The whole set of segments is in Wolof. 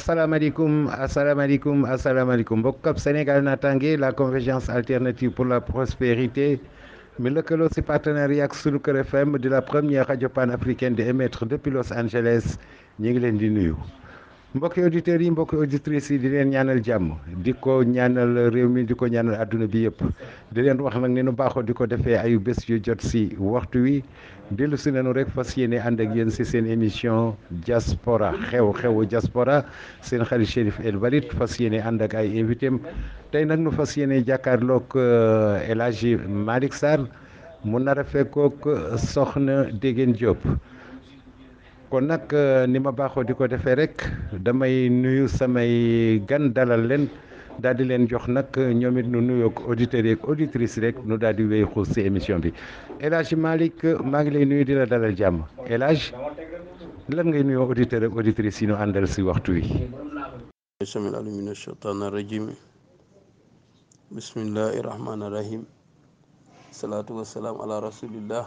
assalamu assalamu assalamu alaikum mbokk ab Sénégal naataange la convergence alternative pour la prospérité mi lëkkaloo si partenariat ak le kër FM de la première radio panafricaine de émettre depuis Los Angeles ñu ngi leen di nuyu. mbokki auditeur yi mbokki auditrices di len ñaanal jamm, di ko ñaanal réew mi di ko ñaanal aduna bi yépp. di len wax nak ne nu baaxoo di ko defee ayu bés yu jot waxtu wi dellu si nañu rek fas yéene ànd ak yéen si seen émission diaspora xew-xewu jaspora seen xarit Chérif El fas yéene ànd ak ay invité am tey nag nu fas yéene jàkkaarloog euh, El Hadji Malick Sarr mu nar a fekkoog euh, soxna Dégène Diop kon nag euh, ni ma baaxoo di ko defee rek damay nuyu samay gan dalal leen. daal di leen jox nag euh, ñoom it nu nuyoo ak auditeurs yeeg auditrices rek nu daal di wéy xuus si émission bi El Hadj euh, maa ngi lay nuyu dina la dalal jàmm El lan ngay nuyoo auditeurs ak auditrices yi ñu àndal si waxtu wi. samil alim min ashaytaan arrajim bismillahi rahmaani rahim salaatu wasalaam ala rasulillah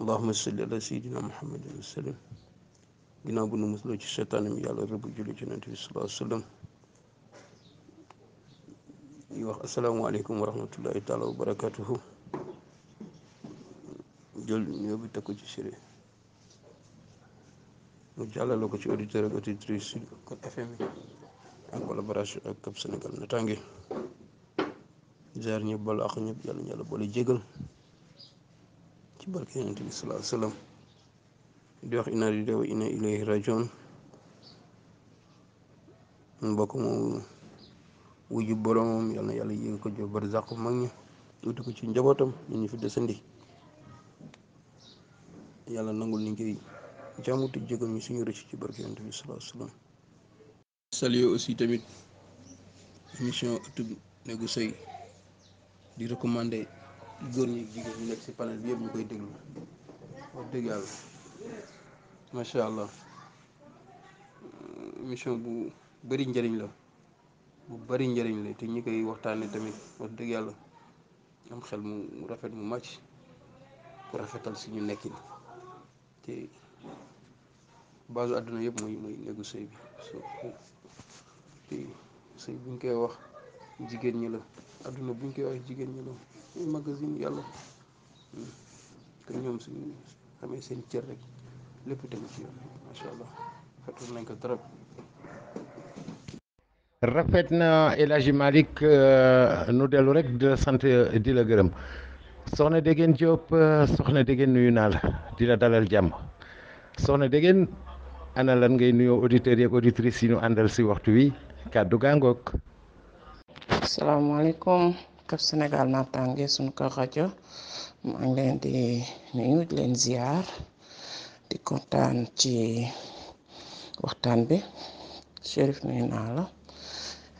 allahuma salli ala sayidina muhammadin wasalim ginnaaw bu nu musloo ci seytaane mi yàlla rëbb julli ci nant bi salaa sallam di wax asalaamaaleykum wa rahmatullahi taala wa barakatuhu jël ñoo bi teg ko ci séré mu jàllale ko ci auditeur ak auditrice Sud FM yi en collaboration ak Cap Sénégal na tàngi jaar ñëpp bala ak ñëpp yàlla yàlla boole ci barke yonent bi salaa salaam di wax inaa lillahi wa inaa ilayhi rajoon mbokk moomu wuju boromam yal na yàlla yéeg ko jox barzaq mag ñi wuti ko ci njabootam ñu ñu fi desandi yàlla nangul ni ngiy jàmmutu jégam ñi suñu rëcc ci barke yonent bi sallallahu alayhi wasallam salué aussi tamit émission ëttub néegu sëy di recommandé góor ñi jigéen nekk ci panel bi yëpp ñu koy déglu wax dëgg allah émission bu bëri njëriñ la bu bari njëriñ la te ñi koy waxtaanee tamit wax dëgg yàlla am xel mu rafet mu màcc ku rafetal suñu nekkin te baasu àdduna yëpp mooy mooy néegu sëy bi te sëy buñ koy wax jigéen ñi la àdduna buñ koy wax jigéen ñi la ñuy magasin yàlla te ñoom suñu xamee seen cër rek lépp tegu yoon macha allah fettoon nañ ko trop. rafet na El Hadj euh, nu dellu rek di la sant di la gërëm soxna Degene Diop euh, soxna Degene nuyu naa la di la dalal jàmm soxna Degene ana lan ngay nuyoo auditeurs yeeg auditrices yi ñu àndal si waxtu wi kàddu gàngoog. asalaamaaleykum Cap Sénégal naataange sunu ko rajo maa ngi di nuyu leen ziar di kontaan ci waxtaan bi Chérif nuyu naa la.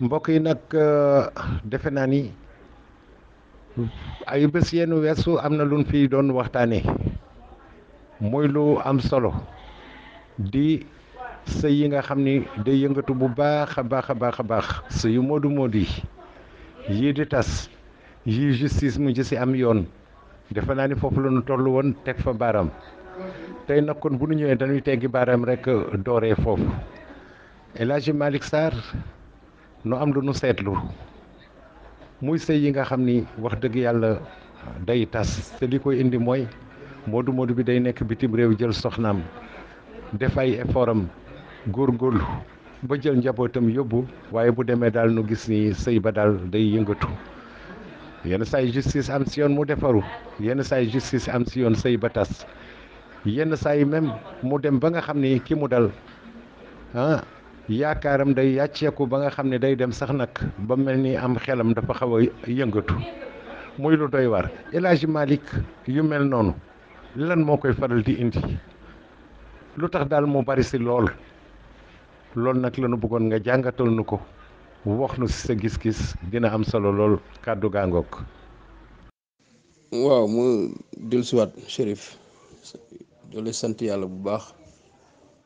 mbokk yi nag euh, defe naa ni ay bés yenn weesu am na luñ fi doon waxtaanee mooy lu am solo di sa yi nga xam ni day yëngatu bu baax a baax a baax a baax sëyu moodu moodu yi yii di tas yii justice mu ci am yoon defe naa ni foofu la ñu toll woon teg fa baaram tey nag kon bu nu ñëwee dañuy teggi baaraam rek dooree foofu El Hadji Malick nu am lu nu seetlu muy sëy yi nga xam ni wax dëgg yàlla day tas te li koy indi mooy moodu moodu bi day nekk bitim réew jël soxnaam def ay effort góor góorlu ba jël njabootam yóbbu waaye bu demee daal nu gis ni sëy ba daal day yëngatu yenn saay justice am si mu defaru yenn saay justice am si sëy ba tas yenn saa yi même mu dem ba nga xam ni ki mu dal ah, yaakaaram day yàcceeku ba nga xam ne day dem sax nag ba mel ni am xelam dafa xaw a yëngatu muy lu doy waar El Hadj yu mel noonu lan moo koy faral di indi lu tax daal mu bari si lool loolu nag la bëggoon nga jàngatal nu ko wax nu si sa gis-gis dina am solo lool kàddu gaangoog waaw mu dellusiwaat Chérif doole sant yàlla bu baax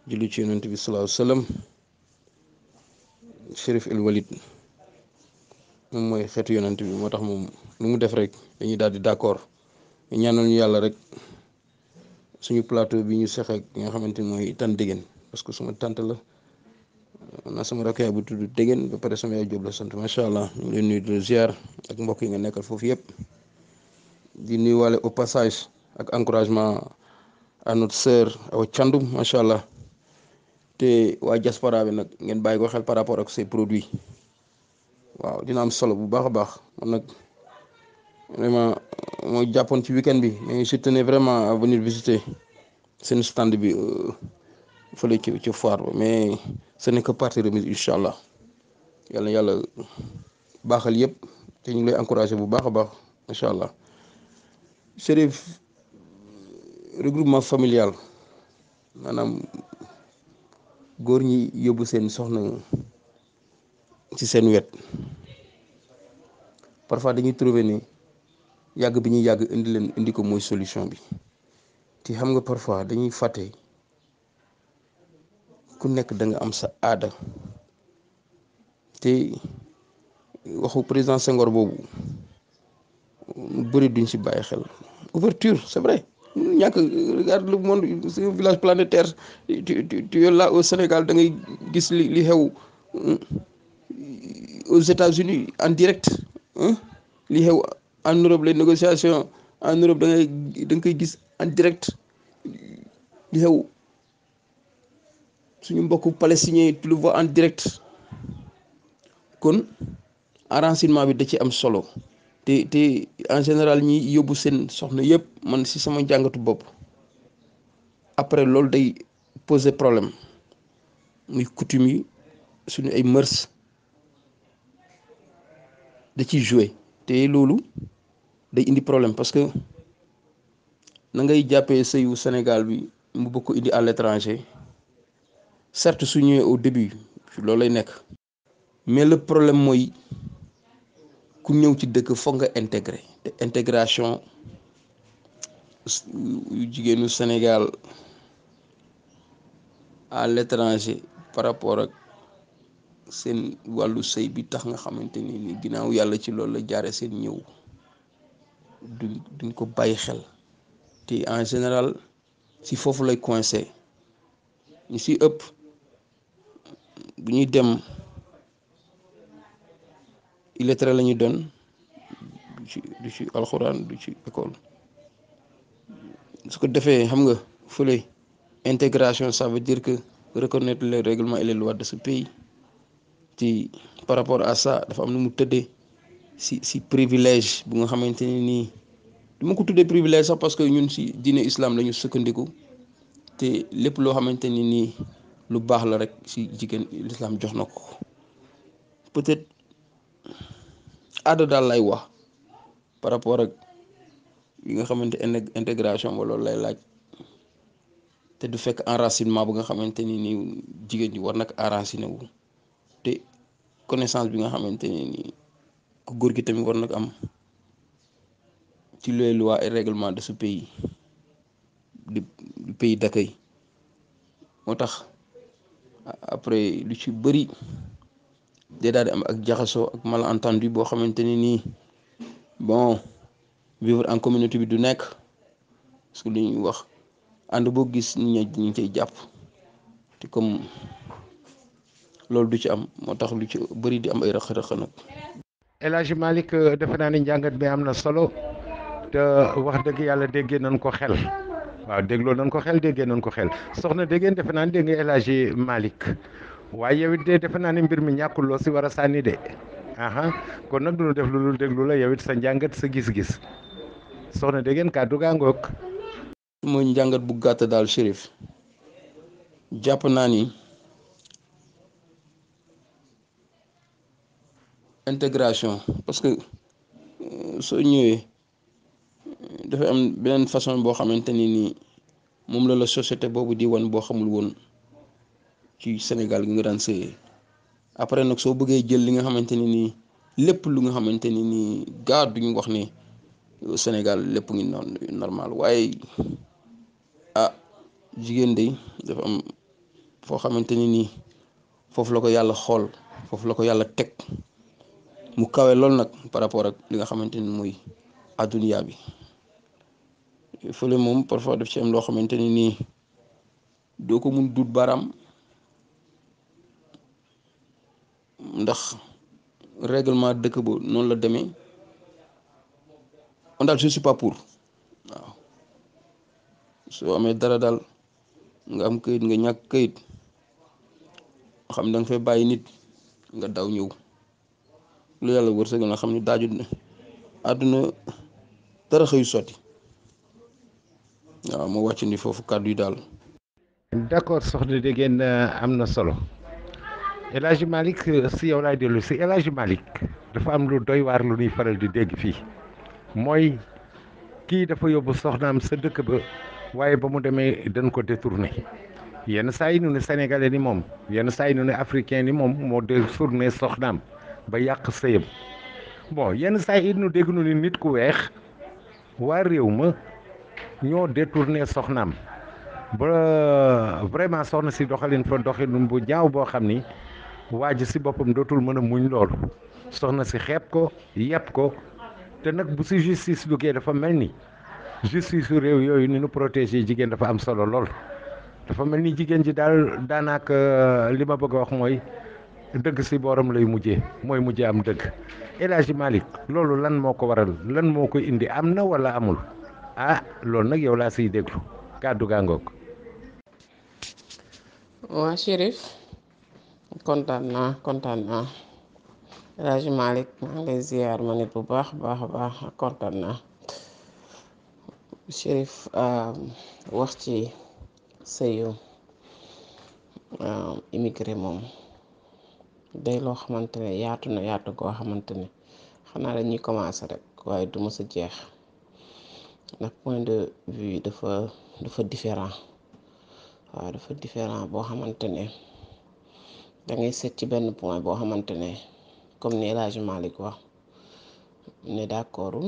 julli ci yonent bi salaahu salaam Chérif El Walid moom mooy xeetu yonent bi moo tax moom nu mu def rek dañuy daal di d'accord ñaanal ñu yàlla rek suñu plateau bi ñu seq ak nga xamante ni mooy tan déggen parce que suma tante la na sama rakk yaay bu tudd déggen ba pare sama yaay Jóob la sant macha allah ñu ngi leen nuyu di ak mbokk yi nga nekkal foofu yëpp di nuyuwaale au passage ak encouragement à notre sœur Awa macha allah. té wa diaspora bi nak ngeen bàyyi xel par rapport ak ces produits waaw dina am solo bu baax a baax man nag vraiment moo jàppoon ci weekend bi mais je tenais vraiment à venir visiter seen stand bi euh, fële ci ci foire ba mais ce n'est que partie remise incha allah yàlla yàlla baaxal yëpp te ñu lay encouragé bu baax a baax incha allah chérif regroupement familial maanaam góor ñi yóbbu seen soxna ci seen wet parfois dañuy trouver ne yàgg bi ñuy yàgg indi leen indi ko mooy solution bi te xam nga parfois dañuy fàtte ku nekk da nga am sa aada te waxu président Senghor boobu bëri duñ si bàyyi xel ouverture c'est vrai ñàkk regarde le monde c'est village planétaire tu tu tu au Sénégal da ngay gis li li xew euh, aux États-Unis en direct li xew en Europe les négociations en Europe da ngay nga koy gis en direct li xew suñu mbokku palestiniens yi tu le vois en direct kon enracinement bi da ci am solo. Té té en général ñi yobu seen soxna yépp man si sama jàngatu bopp après loolu day poser problème muy coutume yi suñu ay mërs da ci jouer té loolu day indi problème parce que na ngay jàppee seyu Sénégal bi mu bëgg ko indi à l'étranger certes su ñëwee au début loolu lay nekk mais le problème mooy ku ñëw ci dëkk foog nga intégré te intégration jigéenu Sénégal à l'étranger par rapport ak seen wàllu sëy bi tax nga xamante ni ni ginnaaw yàlla ci loolu la jaare seen ñëw duñ duñ ko bàyyi xel te en général si foofu lay coincé ñu si ëpp bu ñuy dem illettré la ñu doon du ci du ci du ci école su ko defee xam nga fële intégration ça veut que reconnaître les règlements et de ce pays ci par rapport à sa dafa am nu mu tëddee si si privilège bu nga xamante ne nii du ma ko tuddee privilège sax parce que ñun si diine islam la ñu sukkandiku te lépp loo xamante ne nii lu baax la rek si jigéen l'islam jox na ko aada daal lay wax par rapport ak yi nga xamante intégration ba loolu lay laaj te du fekk enracinement bu nga xamante ni nii jigéen ñi war nag enraciné wu te connessance bi nga xamante ni nii ku góor gi tamit war nag am ci les lois et règlements de ce pays du pays d'accueil moo tax après lu ci bëri day daal di am ak jaxasoo ak malentendu boo xamante ni nii bon vivre en communauté bi du nekk parce que li wax ànd boo gis nit ñi jàpp te comme loolu du ci am moo tax lu ci bëri di am ay rëq-rëq nag. El Hadj Malick defe naa ni njàngat bi am na solo te wax dëgg yàlla déggee nañ ko xel. waaw dégloo nañ ko xel déggee nañ ko xel soxna déggeen defe naa ni dégg malik waye yawit de def na ni mbir mi ñakul lo ci wara a de aha kon nak duñu def lulul deg lula yawit sa jangat sa gis-gis soxna dégg ngeen kàddu bugata dal mooy njàngat bu gàtt dal sherif japp na ni intégration parce que euh, so ñewé euh, dafa am benen façon bo xamanteni ni mom la la société bobu di won bo xamul won ci Sénégal gi nga daan sëyee après nag soo bëggee jël li nga xamante ne nii lépp lu nga xamante ni nii gaa duñu wax ne Sénégal lépp ngi normal waaye ah jigéen day dafa am foo xamante ni nii foofu la ko yàlla xool foofu la ko yàlla teg mu kawe lool nag par rapport ak li nga xamante ni mooy adduniyaa bi fële moom parfois daf ci am loo xamante ni nii doo ko mun duut baaraam ndax règlement dëkk ba noonu la demee on daal je suis waaw soo amee dara daal nga am këyit nga ñàkk këyit xam da fay bàyyi nit nga daw ñëw lu yàlla wërsëgal nga xam ne daaju àdduna dara xëyu sotti waaw moo wàcc ni foofu kàddu yi daal. d'accord soxna dégg ngeen am na solo. El Hadj euh, si yow laay dellu si El Hadj dafa am lu doy waar lu ñuy faral di dégg fii mooy kii dafa yóbbu soxnaam sa dëkk ba waaye ba mu demee dañ ko détourné yenn saa yi ñu ne ni moom yenn saa yi ñu africain ni moom moo détourné soxnaam ba yàq sëyam bon yenn saa yi ñu dégg ñu nit ku weex waa réew ma ñoo détourné soxnaam ba vraiment soxna si doxalin fa doxalin bu ñaaw boo xam ni. waa ji si boppam dootul mën a muñ loolu soxna si xeeb ko yeb ko te nag bu si justice duggee dafa mel ni justice su réew yooyu ni nu protéger jigéen dafa am solo lool dafa mel ni jigéen ji daal daanaka euh, li ma bëgg a wax mooy dëgg si booram lay mujje mooy mujjee am dëgg El Hadji Malick loolu lan moo ko waral lan moo ko indi am na wala amul ah loolu nag yow laa siy déglu kàddu gàngook kontaan naa kontaan naa El maa ngi lay ma nit bu baax baax baax kontaan naa Chérif euh, wax ci sëyu euh, immigré moom day loo xamante ne yaatu na yaatu goo xamante ne xanaa dañuy commencé rek waaye du mës jeex ndax point de vue dafa dafa différent waaw dafa différent boo xamante ne da ngi seet ci benn point boo xamante ne comme ni El Hadj Malick wax ne d'accord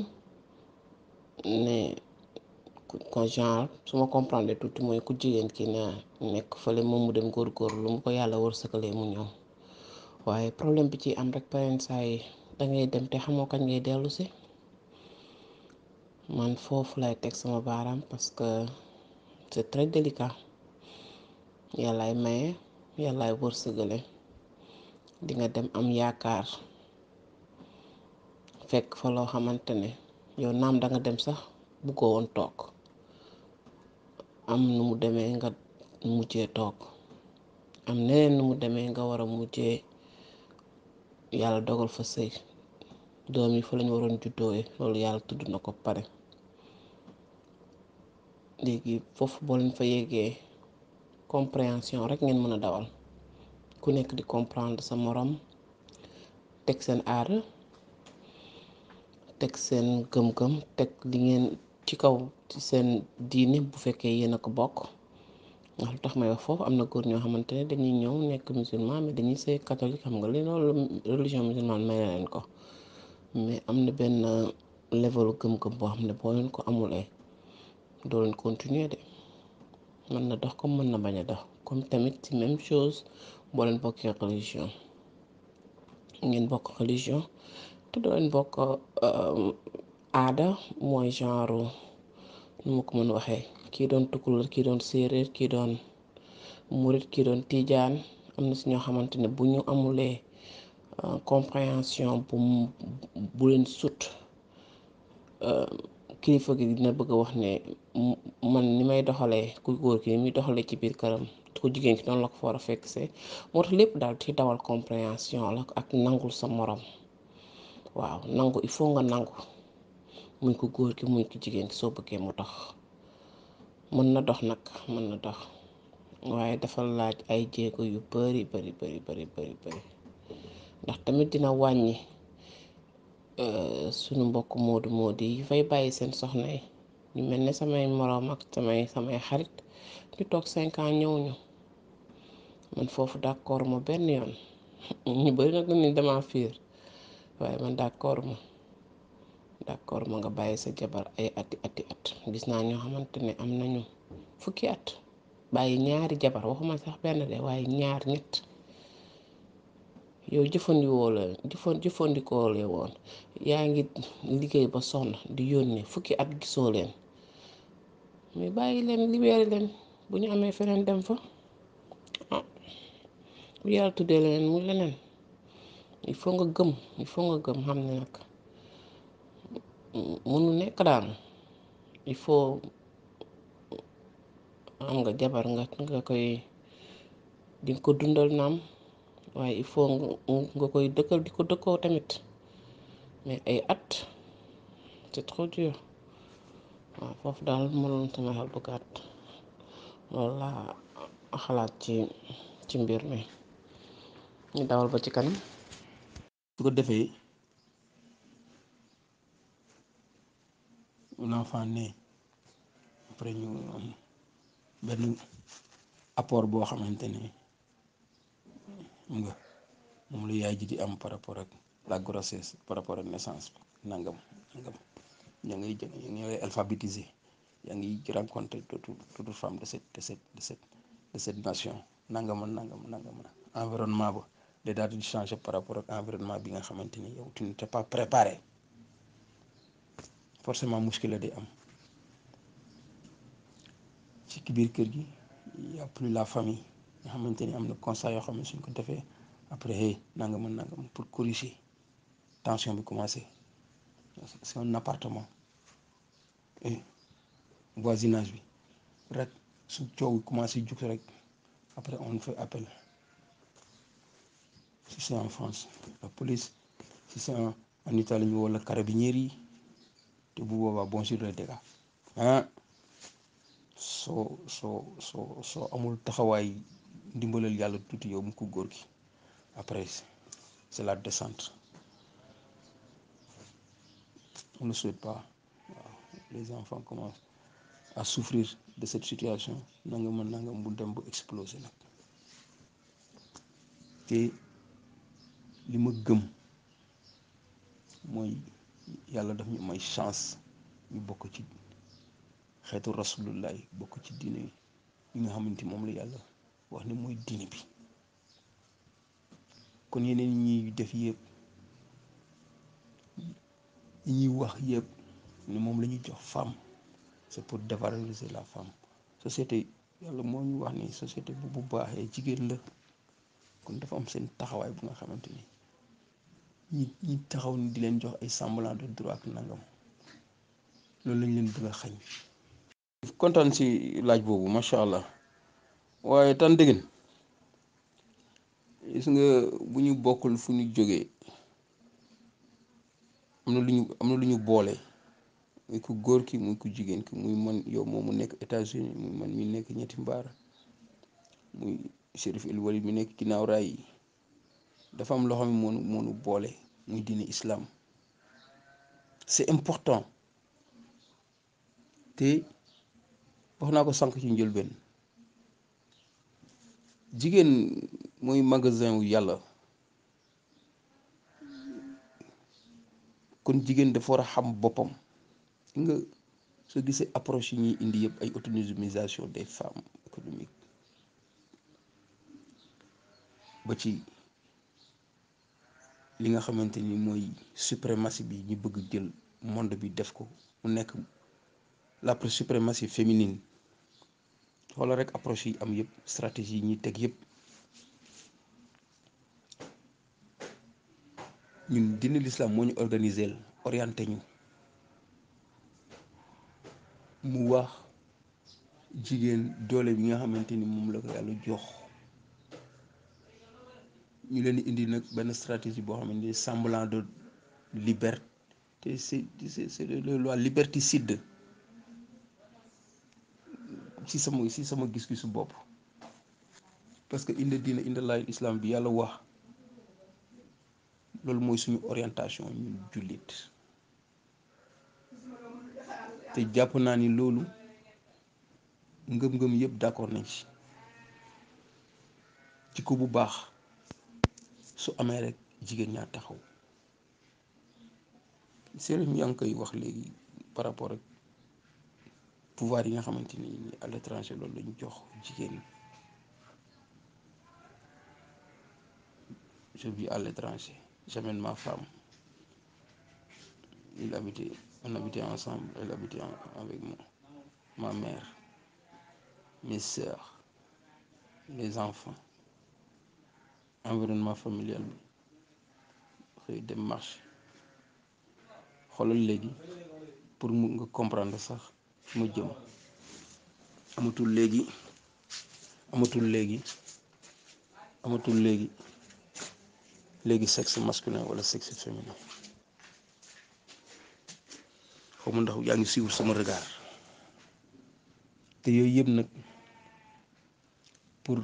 ne ko genre su ma comprendre tuuti mooy ku jigéen ki na nekk fële moom mu dem góorgóorlu lu mu ko yàlla wërsëgalee mu ñëw waaye problème bi ci am rek parent saa yi da ngay dem te xamoo kañ ngay dellusi man foofu lay teg sama baaraam parce que c'est très délicat yàllaay maye yàllaay wërsëgale di nga dem am yaakaar fekk fa loo xamante ne yow naam da nga dem sax woon toog am nu mu demee nga mujjee toog am neneen nu mu demee nga war a mujjee yàlla dogal fa sëy doom yi fa lañu waroon juddoo loolu yàlla tudd na ko pare léegi foofu boo leen fa yéegee compréhension rek ngeen mën dawal ku nekk di comprendre sa morom teg seen aada teg seen gëm-gëm teg li ngeen ci kaw ci seen diine bu fekkee yéen a ko bokk ndax lu tax may wax foofu am na góor ñoo xamante ne dañuy ñëw nekk musulman mais dañuy sëy catholique xam nga li loolu religion musulmane may na leen ko mais am na benn level gëm-gëm boo xam ne boo leen ko amulee eh, doo leen continuer de mën na dox comme mën na bañ a dox comme tamit ci même chose boo leen bokkee religion ngeen bokk religion te doo leen bokk euh, aada mooy genre nu ma ko mën waxee kii doon tukulóor kii doon séeréer kii doon murit kii doon tiijaan am na si ñoo xamante ne bu ñu amulee euh, compréhension bu bu leen sut euh, kilifa gi dina bëgg a wax ne man ni may doxalee ku góor ki ni muy doxalee ci biir këram ku jigéen ki noonu la ko fa war a fekk see moo tax lépp daal di dawal compréhension la ak nangul sa moroom waaw nangu il faut nga nangu muñ ko góor ki muñ ko jigéen ki soo bëggee mu dox mën na dox nag mën na dox waaye dafa laaj ay jéego yu bari bari bari bari bari ndax tamit dina wàññi euh, suñu mbokk moodu moodu yi fay bàyyi seen soxna yi ñu mel ne samay moroom ak samay samay xarit ñu toog cinq ans ñëwuñu man foofu d'accord ma benn yoon ñu bëri nag ni dama fiir waaye man d'accord ma d'accord ma nga bàyyi sa jabar ay ati ati at gis naa ñoo xamante ne am nañu fukki at bàyyi ñaari jabar waxuma sax benn de waaye ñaar ñett yow jëfandikoo la jëfandikoo la woon yaa ngi liggéey ba sonn di yónnee fukki at gisoo leen mais bàyyi leen libéré leen bu ñu amee feneen dem fa ah bu yàlla tuddee leen mu leneen il faut nga gëm nga gëm xam ne nag munu nekk daal il faut am nga jabar nga nga koy di ko dundal naam waaye il faut nga koy dëkkal di ko dëkkoo tamit mais ay at c'est trop dur fof dal daal moo doon sama xel bu gàtt loolu laa xalaat ci ci mbir mi ñu dawal ba ci kanam su ko defee l'enfant ne après ñu am benn apport boo xamante ni nga moom la yaay ji di am par rapport ak la grossesse par rapport ak naissance bi nangam nangam ña ngay jàng ngay alphabétisé yaa ngi rencontré toute toute femme de cette de cette de cette de cette nation nangam nangam nangam environnement ba day daal di par rapport ak environnement bi nga xamante yow tu n'étais pas préparé forcément muskila day am ci biir kër gi y a plus la famille nga xamante amna conseil yo constat suñ ko defee après hey nangam nangama pour corriger tension bi commencé c'est un appartement Et voisinage oui rek sous coow commencé après on fait appel si c'est en France la police si c'est en en Italie ou la carabinieri tu te va bonjour bon les dégâts ah hein? so so soo soo amul taxawaay ndimbalal yalla tuuti yow mu ko góor gi après c'est la descente on ne souhaite pas les enfants commencent à souffrir de cette situation nangam ak nangam bu dem bu explosé nag li ma gëm mooy yàlla daf ñu may chance ñu bokk ci xeetu rasulullah bokk ci diine yi nga xamante moom la yàlla wax ne mooy diine bi kon yeneen ñi def yëpp. li ñuy wax yëpp ni moom la ñuy jox femme c'est pour dévaloriser la femme société yàlla moo ñu wax ni société bu bu baaxee jigéen la kon dafa am seen taxawaay bu nga xamante ni ñi ñi taxaw ni di leen jox ay semblant de droit nangam loolu lañ leen bëgg a xañ kontaan si laaj boobu macha allah waaye tan dëggin gis nga bu ñu bokkul fu ñu jógee am na lu ñu am na lu ñu boole muy ku góor ki muy ku jigéen ki muy man yow moom mu nekk États-Unis muy man mi nekk ñetti mbaar muy Chérif El Walid mi nekk ginnaaw raay dafa am loxo xam ne moonu moonu boole muy diine islam c'est important te wax naa ko sànq ci njëlbeen jigéen mooy magasin wu yàlla kon jigéen dafa war a xam boppam nga soo gisee approche yi ñuy indi yëpp ay autonomisation des femmes économique ba ci li nga xamante ni mooy suprématie bi ñu bëgg jël monde bi def ko mu nekk la suprématie féminine xoola rek approche yi am yëpp stratégie yi ñuy teg yëpp ñu dina lislaam moo ñu organiseel orienté ñu mu wax jigéen doole bi nga xamante ni moom la ko yàlla jox ñu leen di indi nag benn stratégie boo xamante ni semblant de liberté c'est c'est la loi liberticide ci sama ci sama gis-gisu bopp parce que indi diina indi laay islam bi yàlla wax loolu mooy suñu orientation ñun jullit te jàpp naa ni loolu ngëm-ngëm yëpp d'accord nañ ci jikko bu baax su amee rek jigéen ñaa taxaw Serigne mi yaa ngi koy wax léegi par rapport ak pouvoir yi nga xamante ni à loolu lañu jox jigéen je vis à l'étranger J'amène ma femme. on habitait ensemble, elle habitait avec moi, ma mère, mes soeurs, mes enfants, environnement familial des dem pour Je comprendre sax ma jëm amatul legui amatul legui amatul legui léegi sexe masculin le sexe féminin Je ne ndax yaa ngi suivre sama regard te yooyu yëpp nag pour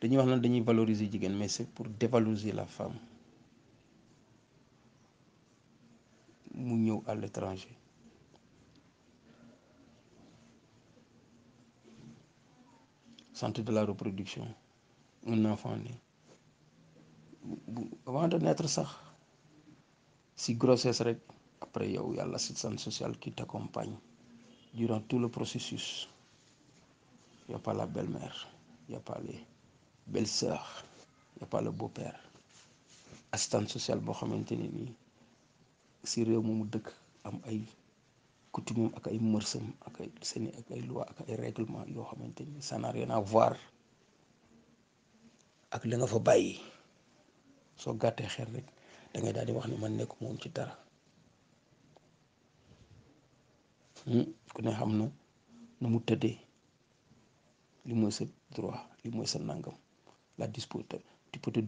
dañuy wax na dañuy valoriser jigéen mais c'est pour dévaloriser la femme mu ñëw à l'étranger santé de la reproduction un enfant né avant de naître sax si grossesse rek après yow yàlla assistance sociale qui t'accompagne durant tout le processus y a pas la belle-mère y a pas les beau-père assistance sociale boo xamante ne nii si réew mu dëkk am ay coutume ak ay mërsam ak ay seeni ak ay loi ak ay règlement yoo xamante ni ça n'a rien voir ak la nga fa bàyyi soo gàttee xel rek da ngay daal di wax ne man nekk moom ci dara hmm? ku ne xam na nu mu tëddee li mooy sa droit li mooy sa nangam la dispose tu peux te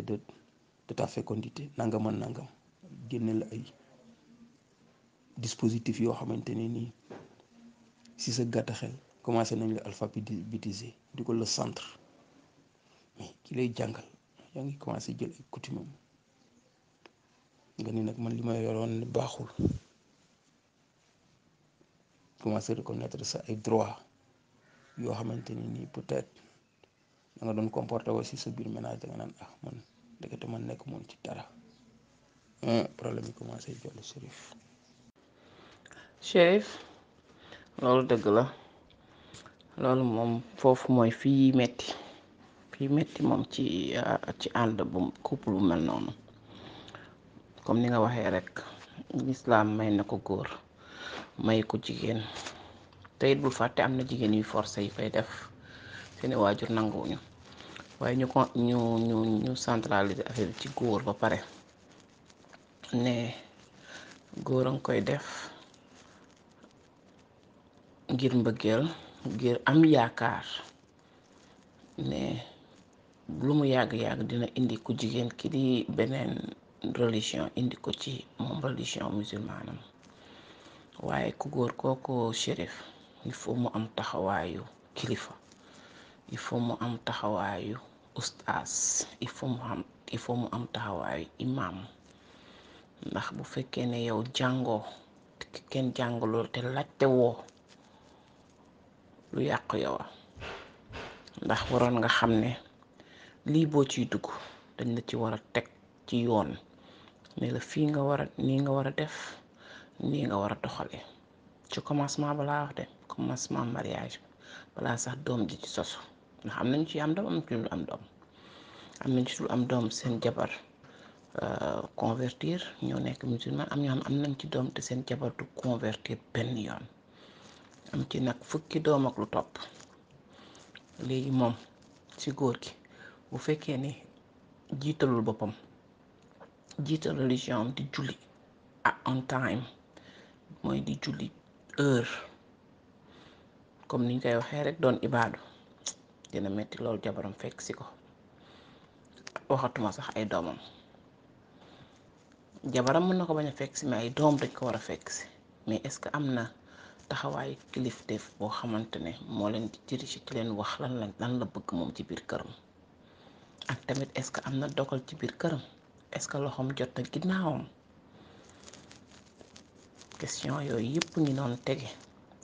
de de ta fécondité nangam ak nangam génne la ay dispositif yoo xamante ne nii si sa gàtt xel commencé nañ la alphabétiser di ko la centre ki lay jàngal. yaa ngi commencé jël ay coutume am nga ni nag man li ma yoroon baaxul commencé reconnaître sa ay droit yoo xamante ni nii peut-être da nga doon comporté aussi sa biir ménage da nga naan ah man ndekete man nekk moom ci dara problème yi commencé jolli Chérif Chérif loolu dëgg la loolu moom foofu mooy fii metti yu metti moom ci ah, ci ànd bu couple bu mel noonu comme ni nga waxee rek lislaam may na ko góor may ko jigéen te it bul fàtte am na jigéen yu forcé yi koy def seeni waajur nanguwuñu waaye ñu ko ñu ñu ñu centraliser affaire bi ci góor ba pare ne góor a nga koy def ngir mbëggeel ngir am yaakaar ne lu mu yàgg-yàgg dina indi ku jigéen ki di beneen religion indi ko ci moom religion musulmanam waaye ku góor kooku shérif il faut mu am taxawaayu kilifa il faut mu am taxawaayu oustas il faut mu am il faut mu am taxawaayu imam ndax bu fekkee ne yow jàngoo kenn jàngaloo te laajte woo lu yàq yow ndax waroon nga xam ne lii boo ciy dugg dañ la ci war a teg ci yoon ne la fii nga war a nii nga war a def nii nga war a doxale ci commencement balaa wax de commencement mariage balaa sax doom ji ci sosu ndax am nañ ci am doom am ci lu am doom am nañ ci lu am doom seen jabar euh, convertir ñoo nekk musulman am ñoo xam am nañ ci doom te seen jabar du convertir benn yoon am ci nag fukki doom ak lu topp léegi moom ci góor gi bu fekkee ni jiitalul boppam jiital religion di julli à on time mooy di julli heure comme niñ koy waxee rek doon ibaadu dina metti lool jabaram fekk si ko waxatuma sax ay doomam jabaram mën na ko bañ a fekk si mais ay doom dañ ko war a fekk si mais est-ce que am na kilif def boo xamante ne moo leen di jëri ci leen wax lan lan la bëgg moom ci biir këram ak tamit est-ce que am na dogal ci biir këram est-ce que loxoom jot na ginnaawam question yooyu yëpp ngi noonu tege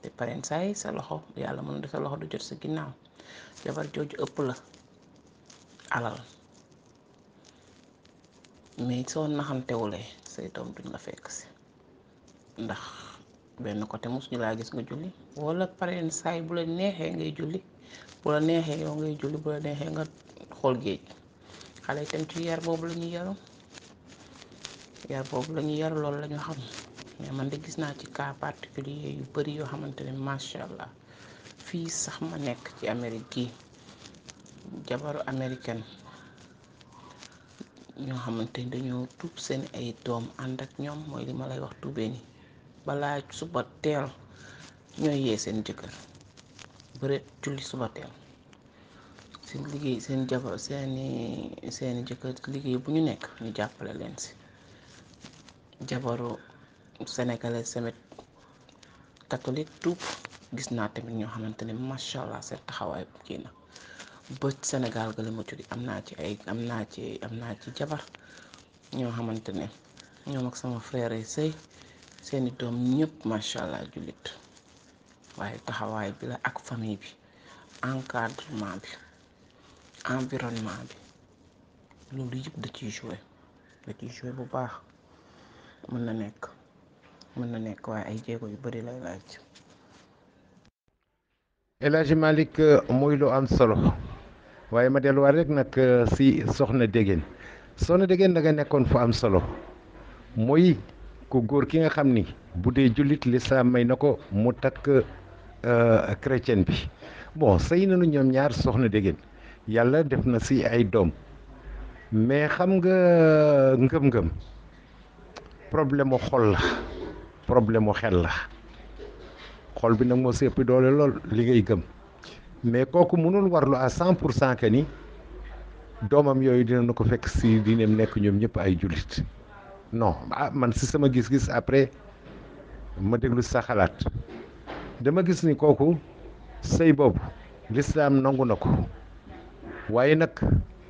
te paren saay sa loxo yàlla mën na sa loxo du jot sa ginnaaw jabar jooju ëpp la alal mais soo naxantewulee say doom duñ la fekk si ndax benn côté mosuñu laa gis nga julli wala paren saay bu la neexee ngay julli bu la neexee yow ngay julli bu la neexee nga xol géej xale itam ya, ci ya, yar boobu la ñu yaru yar boobu la ñu yaru loolu la xam mais man de gis naa ci cas particulier yu bëri yoo xamante ne macha allah fii sax ma nekk ci Amérique gi jabaru américaine ñoo ya, xamante ni dañoo tuub seen ay eh, doom ànd ak ñoom mooy li ma lay wax tuubee ni balaa iya, suba teel ñooy yee seen jëkkër bëreet julli suba teel seen liggéey seen jabar seeni seeni jëkkër liggéey bu ñu nekk ñu jàppale leen si jabaru sénégalais semet catholique tuub gis naa tamit ñoo xamante ne macha allah seen taxawaay bu kii na ba Sénégal ga la ma am naa ci ay am naa ci am naa ci jabar ñoo xamante ne ñoom ak sama frère yi sëy seeni doom ñëpp macha allah jullit waaye taxawaay bi la ak famille bi encadrement bi environnement bi loolu yëpp da ciy joué da bu baax mën na nekk mën na nekk waaye ay jéego yu bari lay laaj. El Hadj Malick euh, muy lu am solo waaye ma delluwaat rek nag euh, si soxna Dégéen soxna Dégéen da nga nekkoon fu am solo muy ku góor ki nga xam ni bu dee jullit li lislaam may na ko mu takk euh, chrétien bi bon sëy nañu ñoom ñaar soxna Dégéen. yalla def na si ay dom mais xam nga ngeum ngeum problème xol la problème xel la xol bi nak mo sepp doole lol li ngay gem mais koku munul warlu à cent pour que ni domam dina nako fek si dina nek ñom ñep ay julit non ah, man si sama gis-gis après ma deglu sa xalat dama gis ni koku sey boobu l'islam nangu nako waaye nag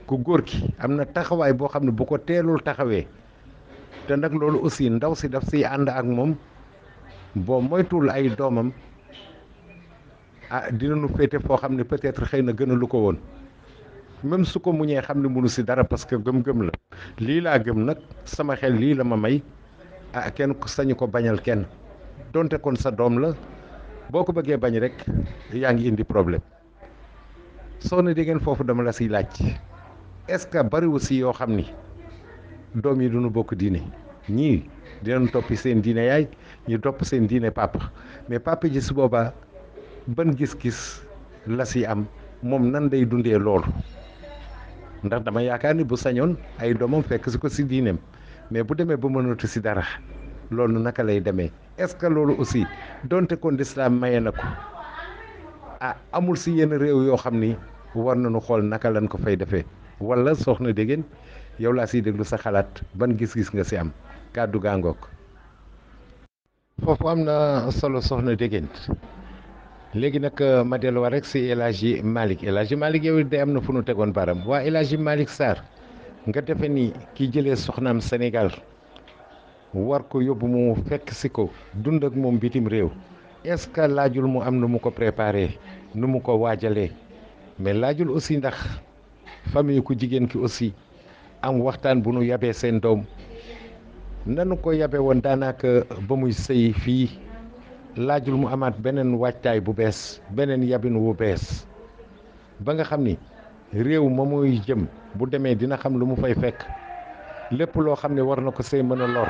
ku góor ki am na taxawaay boo xam ne bu ko teelul taxawee te nag loolu aussi ndaw si daf siy ànd ak moom boo moytuwul ay doomam ah dinañu féete foo xam ne peut-être xëy na gënalu ko woon même su ko muñee xam ne mënu si dara parce que gëm-gëm la lii laa gëm nag sama xel lii la ma may ah kenn sañu ko bañal kenn donte kon sa doom la boo ko bëggee bañ rek yaa ngi indi problème. soo ne dégg ngeen foofu dama la siy laaj est-ce que wu si yoo xam ni doom yi duñu bokk diine ñii dinañ toppi seen diine yaay ñu topp seen diine papa mais papa ji su boobaa ban gis-gis la si am mom nan day dundee loolu ndax dama yaakaar ni bu sañoon ay domam fekk si ko si diineem mais bu demee ba mënatu si dara loolu naka lay demee est-ce que loolu aussi donte kon lislaam maye na ko ah, amul si yenn réew yoo xam war nañu xool naka lañ ko fay defee walla soxna Degene yow laa siy déglu sa xalaat ban gis-gis nga si am kàddu gaa ngoog foofu am na solo soxna Degene léegi nag euh, ma delluwaat rek si El Hadji Malick El Hadji Malick yow day am na fu nu tegoon baram waa El Hadji Malick Sarr nga defe nii ki jëlee soxnaam senegal war ko yóbbu mu fekk si ko dund ak moom bitim réew est-ce laajul mu am nu mu ko préparé nu mu ko waajalee. mais laajul aussi ndax famille ku jigéen ki aussi am waxtaan bu nu yabee nanu ko yabe woon daanaka ba muy sëy fii laajul mu amaat beneen wàccaay bu bes benen yabin wu bes ba nga xam ni réew ma muy jëm bu demee dina xam lu mu fay fekk lépp dugu xam ne war na ko sëy mën a lor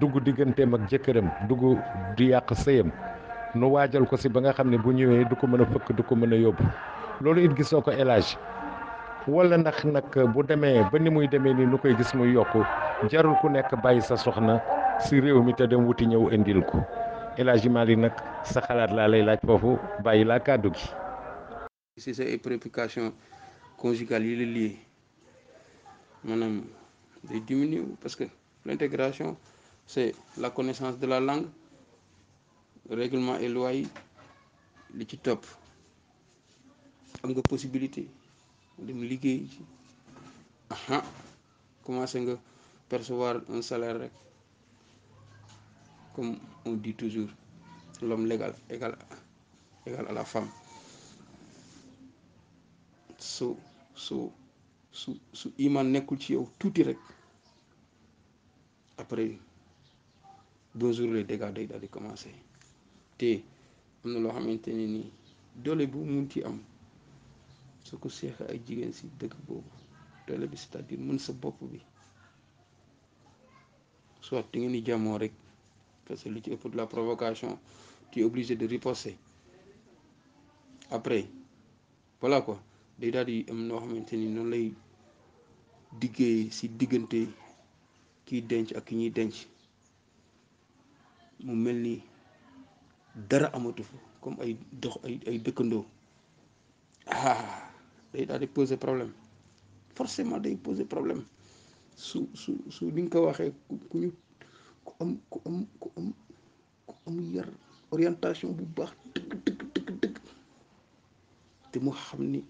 dugg digganteem ak jëkkëram dugg di nu ko ba nga bu du ko du ko loolu it gisoo ko élage walla ndax nag bu demee ba ni muy deme ni nu koy gis muy yokk jarul ku nekk bàyyi sa soxna si réew mi te dem wuti ñëw indil ko élage Malick nag sa xalaat laa lay laaj foofu bàyyi laa kàddu gi si sa préoccupation conjugale yi la lié maanaam day diminuer parce que l'intégration c'est la connaissance de la langue règlement et loi yi li ci topp am nga possibilité dem liggéey ji aha commencé nga percevoir un salaire rek comme on di toujours l'homme légal égal égal la femme su su su su iman nekkul ci yow tuuti rek après deux jours les dégâts day daal di commencé te am na loo xamante ne nii doole bu mun ci am su ko seexee ak jigéen si dëkk boobu télé bi c'est-à-dire mën sa bopp bi soit di ngeen di jàmmoo rek parce que lu ci ëpp de la provocation tu es de riposter après voilà ko day daal di am noo xamante ni noonu lay diggee si diggante kiy denc ak ki ñuy denc mu mel ni dara amatu fa comme ay dox ay dëkkandoo ah! day daal di poser problème forcément day poser problème su su su ni nga ko waxee ku ñu ku am ku am ku am ku am yar orientation bu baax dëgg dëgg dëgg te mu xam ni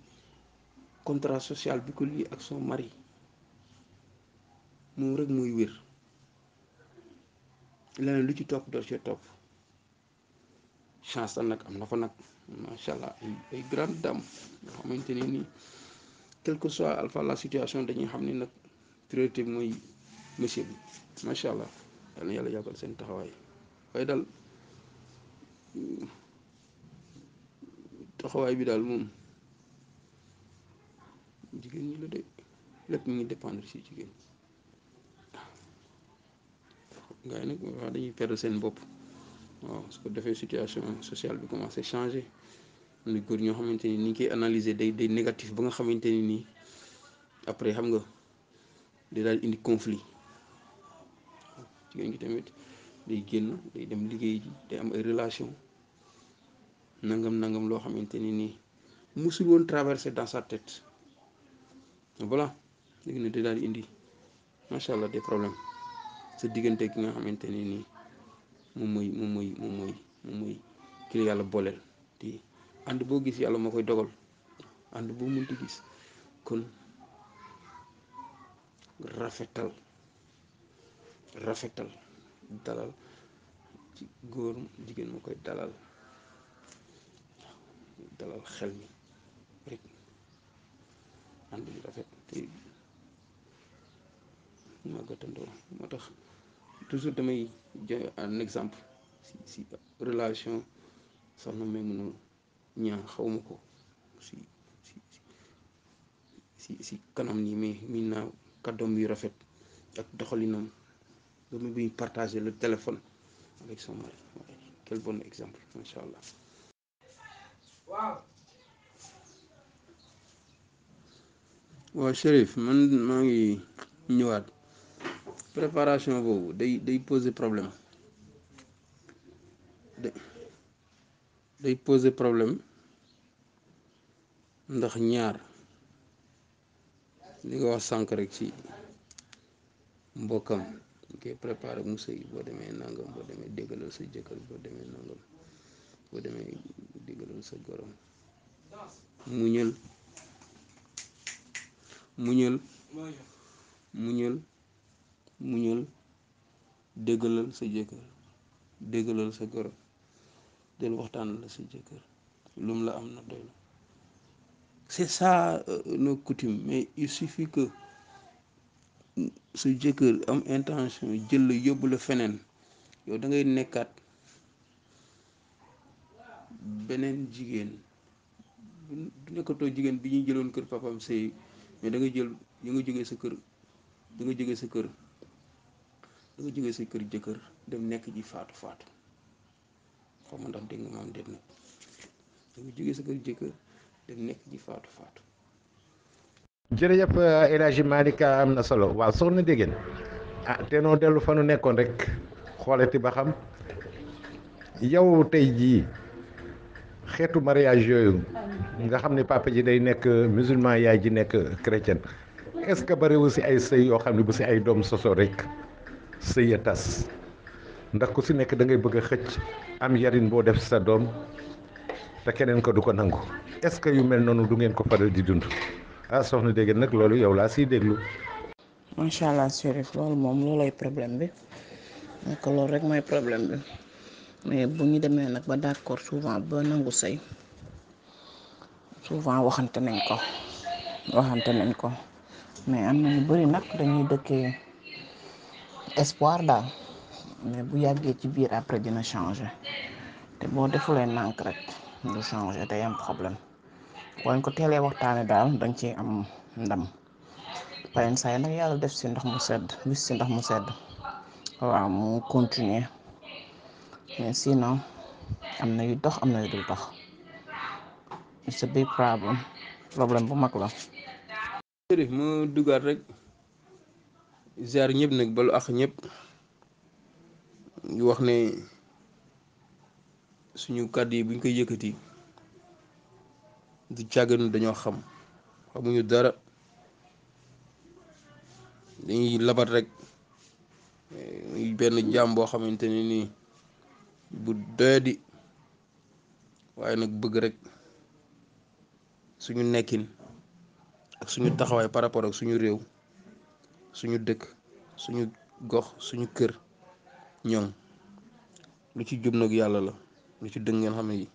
contrat sociale bi ko lii ak son moom rek mooy wér leneen lu ci topp doo ci topp chance la nag am na ko nag macha allah ay grande dame yoo xamante ne nii quel que soit alpha la situation dañuy xam ni nag priorité bi mooy monsieur bi macha allah yal na yàlla yàggal seen taxawaay way dal taxawaay bi daal moom jigéen ñi la de lépp mi ngi dépendre si jigéen ñi. gaa yi nag dañuy perdre seen bopp. waaw su ko defee situation sociale bi commencé changé am na góor ñoo xamante ni ni analyser day day négatif ba nga xamanteni ni après xam nga day dal indi conflit jigéen gi tamit day génn day dem liggéey ji day am ay relation nangam nangam loo xamanteni ni musul woon traversé dans sa tête voilà léegi nag day daal indi macha allah des problèmes sa diggante ki nga xamanteni ni moom mooy moom mooy mu mooy moom mooy ki yàlla booleel te ànd boo gis yàlla moo koy dogal ànd boo mënti gis kon rafetal rafetal dalal ci góor jigéen moo koy dalal dalal xel ni rek ànd bi rafet te màggatandoo moo tax toujours demain un exemple si si relation soxna may mun a ñaa xaw si si si si kanam nii mais miin cadeau kàddoom yu rafet ak doxalinam ba mu partager le téléphone avec son mari quel bon exemple inshallah allah wa waaw man mangi ñëwaat préparation boobu day day poser problème day poser problème ndax ñaar li nga wax sànq rek ci mbokkam koy préparé mu sëy boo demee nangam boo demee déggalal sa jëkkër boo demee nangam boo demee déggalal sa gorom muñal muñal muñal mu muñal déggalal sa jëkkër déggalal sa goro del waxtaan la sa jëkkër lum la am na doy la c'est ça euh, nos coutumes mais il suffit que sa jëkkër am intention jël la yóbbu la feneen yow da ngay nekkaat beneen jigéen du nekkatoo jigéen bi ñuy jëloon kër papam sëy mais dangay jël da nga jógee sa kër da nga jógee sa kër danga jóge si kër jëkkër dem nekk ji faatu faatu xaw ma ndax dégg kër dem nekk ji faatu faatu jërëjëf euh, El Hadji euh, am na solo waa soxna Degen ah te noo dellu fa nu nekkoon rek xoolati ba xam yow tey jii xeetu mariage yooyu nga xam ne papa ji day nekk musulman yaay ji nekk chrétien est-ce que bariwu si ay sëy yoo xam ne bu si ay doom soso rek sëy ndax ku si nek da ngay bëgg xëcc am yarin bo def sa doom ta keneen ko du ko nangu est-ce que yu mel nonu du ngeen ko faral di dund ah soxna dégg nag loolu yow laa siy déglu. macha allah Chérif loolu moom loolay problème bi nekk loolu rek mooy problème bi mais bu ñu demee nag ba d'accord souvent ba nangu sëy souvent waxante nañ ko waxante nañ ko mais am na ñu bari nag dañuy dëkkee. espoir daal mais bu yàggee ci biir après dina changer te boo defulee nànk rek du changer day am problème wañ ko teelee waxtaane daal dañ ci am ndam payen saa yi nag yàlla def si ndox mu sedd bis si ndox mu sedd waaw mu continuer mais sinon am na yu dox am na yu dul dox it's a problème bu mag la ziar ñëpp nag balu ak ñëpp ñu wax ne suñu kàddu yi buñ koy yëkkati du càgganu dañoo xam xamuñu dara dañuy labat rek benn jaam boo xamante ne nii bu doyadi waaye nag bëgg rek suñu nekkin ak suñu taxawaay par rapport ak suñu réew suñu dëkk suñu gox suñu kër ñoom lu ci jub nag yàlla la lu ci dëng ngeen xam ni yi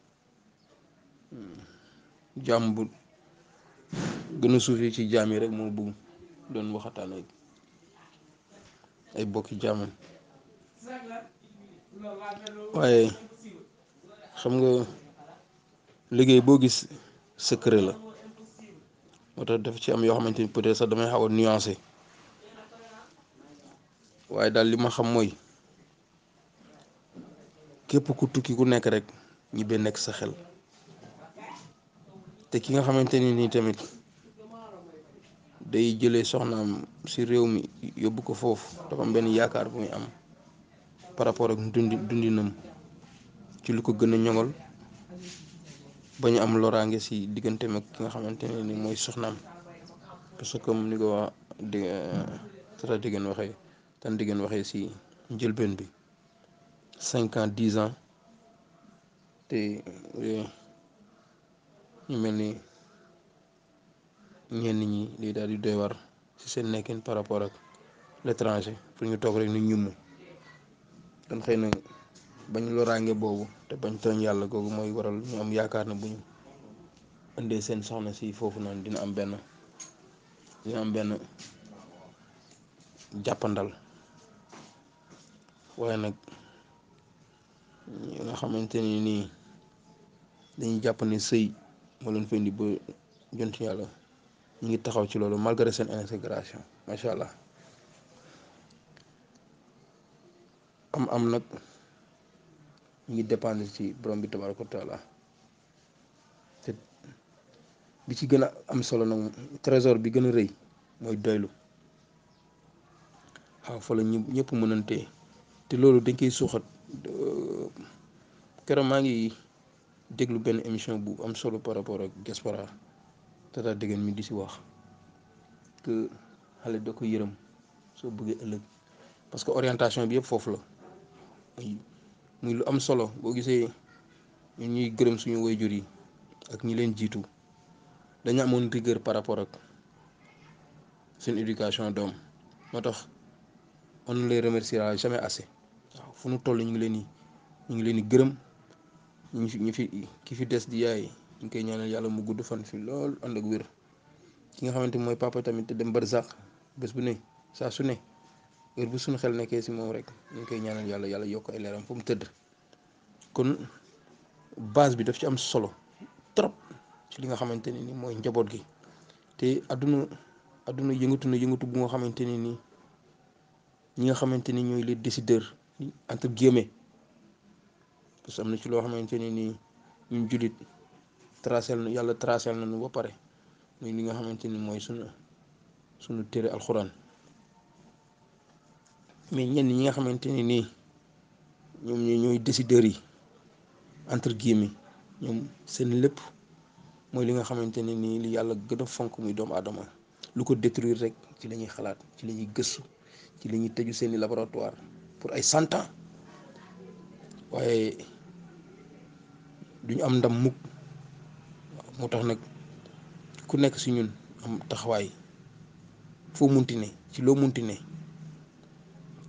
hmm. jaam bu gën a suufi ci jaam yi rek moo bëgg doon waxataan ay bokki jaamam waaye xam nga liggéey boo gis secret la moo tax daf ci am yoo xamante ni peut-être sax damay xaw a nuancé waaye daal li ma xam mooy képp ku tukki ku nekk rek ñibbee nekk sa xel te ki nga xamante ni nii tamit day jëlee soxnaam si réew mi yóbbu ko foofu dafa benn yaakaar bu muy am par rapport ak dundi dundinam ci lu ko gën a ñoŋal ba ñu am loraange si diggante mag ki nga xamante ni mooy soxnaam parce que comme ni ko di euh, waxee tan di ngeen waxee si njëlbeen bi cinquante ans dix ans te eh, ñu mel ni ñenn ñi day daal di doy war si seen nekkin par rapport ak l'étranger pour ñu toog rek ni ñum dan xëy na bañ loraange boobu te bañ tooñ yàlla googu mooy waral ñu am yaakaar ne bu ñu indee seen soxna si foofu noonu dina am benn dina am benn jàppandal waaye nag ñi nga xamante ni nii dañuy jàpp ne sëy moo leen fay indi ba jont yàlla ñu ngi taxaw ci loolu malgré seen intégration macha allah am am nag ñu ngi dépendre ci borom bi tabaraka wa taala bi ci gën a am solo nag trésor bi gën a rëy mooy doylu waaw fa la ñëpp mënantee te loolu dañ koy suuxat keroog maa ngi déglu benn émission bu am solo par rapport ak diaspora tata déggan mi di si wax que xale da ko yërëm soo buggee ëllëg parce que orientation bi yëpp foofu la muy lu am solo boo gisee ñu ñuy gërëm suñu waajur yi ak ñi leen jiitu dañu amoon rigueur par rapport ak seen éducation doom moo tax on ne les remerciera jamais assez fu nu toll ñu ngi leen ñu ngi leen di gërëm ñu fi ñu fi ki fi dess di yaay ñu koy ñaanal yàlla mu gudd fan fi lool ànd ak wér ki nga xamante mooy papa tamit te dem barzak bés bu ne saa su ne heure bu suñu xel nekkee si moom rek ñu koy ñaanal yàlla yàlla yokk ay leeram fu mu tëdd kon base bi daf ci am solo trop ci li nga xamante ni mooy njaboot gi te aduna aduna yëngatu na yëngatu bu nga xamante ni ñi nga xamante ni ñooy les décideurs entre guillemets parce que am ci lo xamanteni ni nii ñun jullit tracel na yalla tracel nañu ba paré muy li nga xamanteni ni sunu sunu téré alcorane mais ñen ñi nga xamanteni ni ñom ñoom ñoy décideur yi entre guillemets ñom seen lepp moy li nga xamanteni ni li yalla gëna fonk muy doom adama lu ko détruire rek ci lañuy xalaat ci lañuy gëssu ci lañuy ñuy seen laboratoire pour ay cent ans waaye duñu am ndam mukk motax nak ku nek ci ñun am taxaway fo muntine ci lo muntine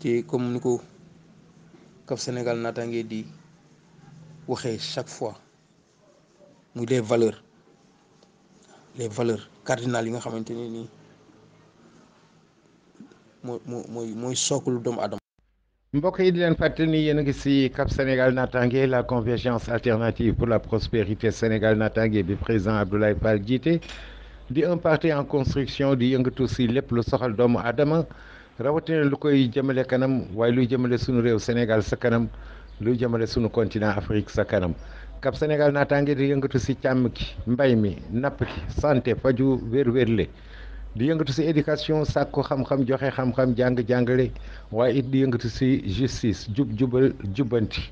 ci comme kaf Sénégal naataange di waxee chaque fois muy les valeurs les valeurs cardinales yi nga xamanteni ni moy moy moy sokul doom adam mbokk yi di leen Cap Sénégal Natangé, la convergence alternative pour la prospérité Sénégal Natangé, bi président Abdoulaye Fall di un parti en construction di yëngatu tousi lépp lu soxal doomu aadama rawatina lu koy kanam way luy jëmale sunu réew Sénégal sa kanam luy sunu continent Afrique sa kanam Cap Sénégal Natangé, di yëngatu tousi càmm mbay mi santé faju wér-wérle di yëngatu si éducation sàkku xam-xam joxe xam-xam jàng jàngale waaye it di yëngatu si justice jub jubal jubbanti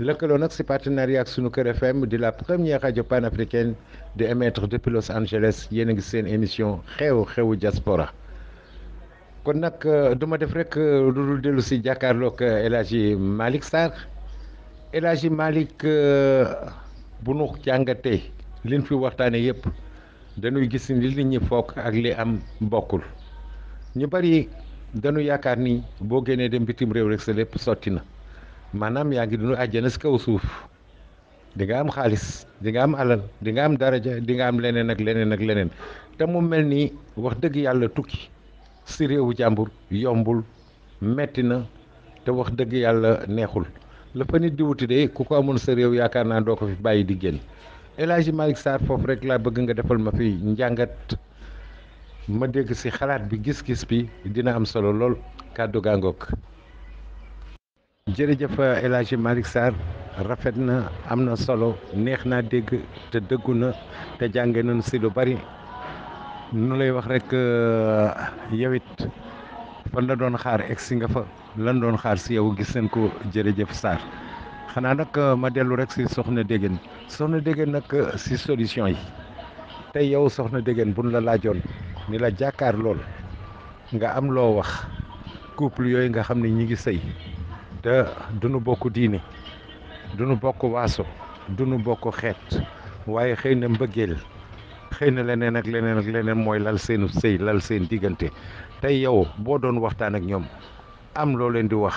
lëkkaloo nag si partenariat ak sunu Kër FM di la première radio panafricaine de émettre depuis Los Angeles yéen a ngi seen émission xew xewu diaspora kon nag euh, du ma def rek euh, lu dul dellu si jàkkaarloog euh, El Malick Sarr El Hadji Malick bu nu jàngatee liñ fi waxtaanee yëpp. dañuy gis ni li ñu foog ak li am bokkul ñu bari dañu yaakaar ni boo génnee dem bitim réew rek sa lépp sotti na maanaam yaa ngi dund àjjana si kaw suuf di nga am xaalis di nga am alal di nga am daraja di nga am leneen ak leneen ak leneen te mu mel ni wax dëgg yàlla tukki si réewu jàmbur yombul metti na te wax dëgg yàlla neexul la fa nit di wuti de ku ko amoon sa réew yaakaar naa doo ko fi bàyyi di génn El Malik Sarr foofu rek la bëgg nga defal ma fi njàngat ma dégg ci xalaat bi gis-gis bi dina am solo lool kàddu gàngoog jërëjëf El Malik Malik Sarr rafet na am na solo neex naa dégg te dëggu na te jànge nañ ci lu bari nu lay wax rek euh, yow it fan la doon xaar egg si fa lan doon xaar si yow gis nañ ko jërëjëf Sarr xanaa nag euh, ma dellu rek si soxna Dégéen soxna Dégéen nag euh, si solution yi tey yow soxna Dégéen buñ la laajoon ni la jàkkaar lool nga am loo wax couple yooyu nga xam ne ñi ngi sëy te duñu bokk diine duñu bokk waaso duñu bokk xeet waaye xëy na mbëggeel xëy na leneen ak leneen ak leneen mooy lal seenu sëy lal seen diggante tey yow boo doon waxtaan ak ñoom am loo leen di wax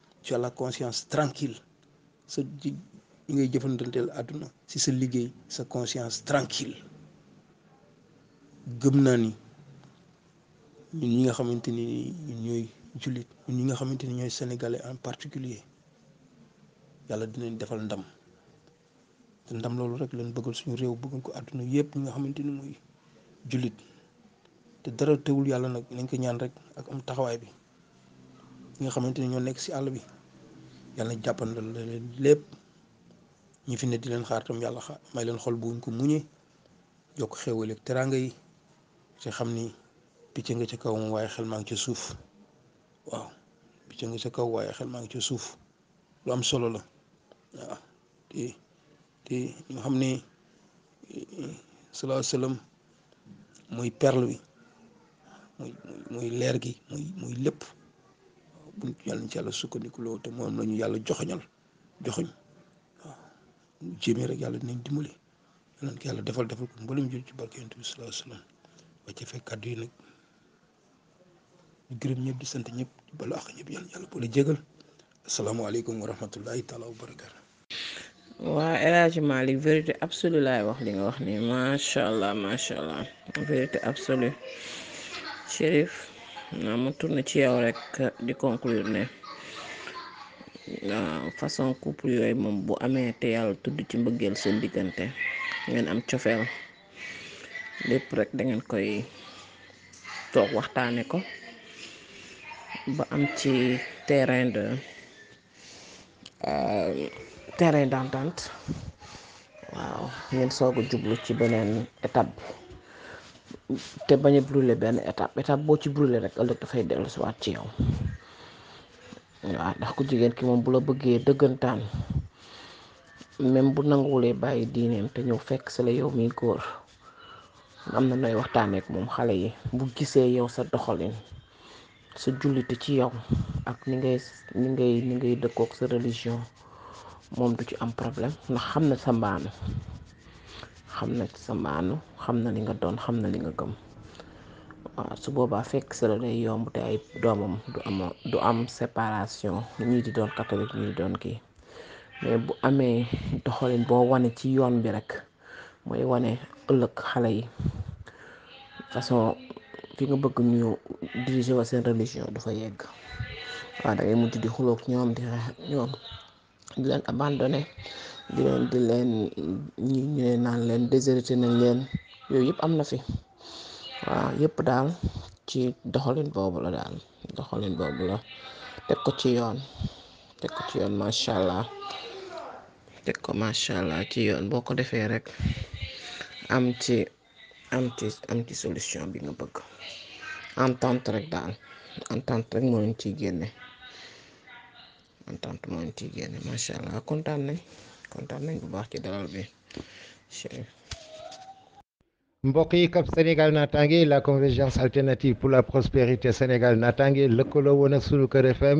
tu la conscience tranquille sa ji ñi ngay jëfandanteel àdduna si sa liggéey sa conscience tranquille gëm naa ni ñu ñi nga xamante ni ñun jullit ñi nga xamante ni ñooy sénégalais en particulier yàlla dinañ defal ndam te ndam loolu rek lañ bëggal suñu réew bëggal ko àdduna yëpp ñi nga xamante ni mooy jullit te dara teewul yàlla nag nañ ko ñaan rek ak am taxawaay bi ñi nga xamante ni ñoo nekk si àll bi yàlla jàppandal leen lépp ñi fi ne di leen xaar tam yàlla may leen xol buñ ko muñee jokk xéewal ak teraanga yi te xam ni picc nga ca kaw moom waaye xel maa ngi ca suuf waaw nga ca kaw waaye xel maa ngi ca suuf lu am solo la waaw te te xam ne salaahu salaam muy perle bi muy muy leer gi muy lépp. buñ yàlla ci yàlla sukkandikuloo te moom la ñu yàlla joxoñal joxoñ waaw jéemee rek yàlla dinañ dimbali yàlla ko yàlla defal defal ko mboolem jur ci barke yonent bi sallallahu alayhi wa sallam ba ci fekk kàddu yi nag di gërëm ñëpp di sant ñëpp di balu àq ñëpp yàlla yàlla boole jégal asalaamaaleykum wa rahmatullahi taala wa waa El Hadj vérité absolue laay wax li nga wax ni macha allah macha allah vérité absolue Chérif. na mu tourné ci yow rek di conclure ne façon couple yoy mom bu amé té yalla tudd ci mbeugël sen digënté ngeen am ciofel lepp rek da ngeen koy tok waxtaane ko ba am ci terrain de terrain d'entente waaw ngeen soog a jublu ci benen étape te bañ a brûler benn étape étape boo ci brûlé rek ëllëg dafay dellu si waat ci yow waaw ndax ku jigéen ki moom bu la bëggee dëggantaan même bu nanguwulee bàyyi diineem te ñëw fekk sa la yow mi góor am na nooy waxtaaneek moom xale yi bu gisee yow sa doxalin sa jullite ci yow ak ni ngay ni ngay ni ngay dëkkook sa religion moom du ci am problème ndax xam na sa mbaanu xam na sa maanu xam na li nga doon xam na li nga gëm waaw su boobaa fekk sa la day yomb te ay doomam du am du am séparation ñii di doon catholique ñii doon kii mais bu amee doxalin boo wane ci yoon bi rek mooy wane ëllëg xale yi façon fi nga bëgg ñu diriger wa seen religion du yegg waaw da ngay mujj di xuloog ñoom di leen abandonné di leen di leen ñu ñu naan leen déshérité nañ leen yooyu am na fi waaw yëpp daal ci doxalin boobu la daal doxalin boobu la teg ko ci yoon teg ko ci yoon macha allah teg ko macha allah ci yoon boo ko defee rek am ci am ci am ci solution bi nga bëgg entente rek daal entente rek moo leen ciy génne entente moo leen ciy génne allah kontaan nañ. kontaan nañ bu baax ci dalal bi mbokk yi cap sénégal natangué la convergence alternative pour la prospérité sénégal natangué lëkkaloo woon ak sunu kër FM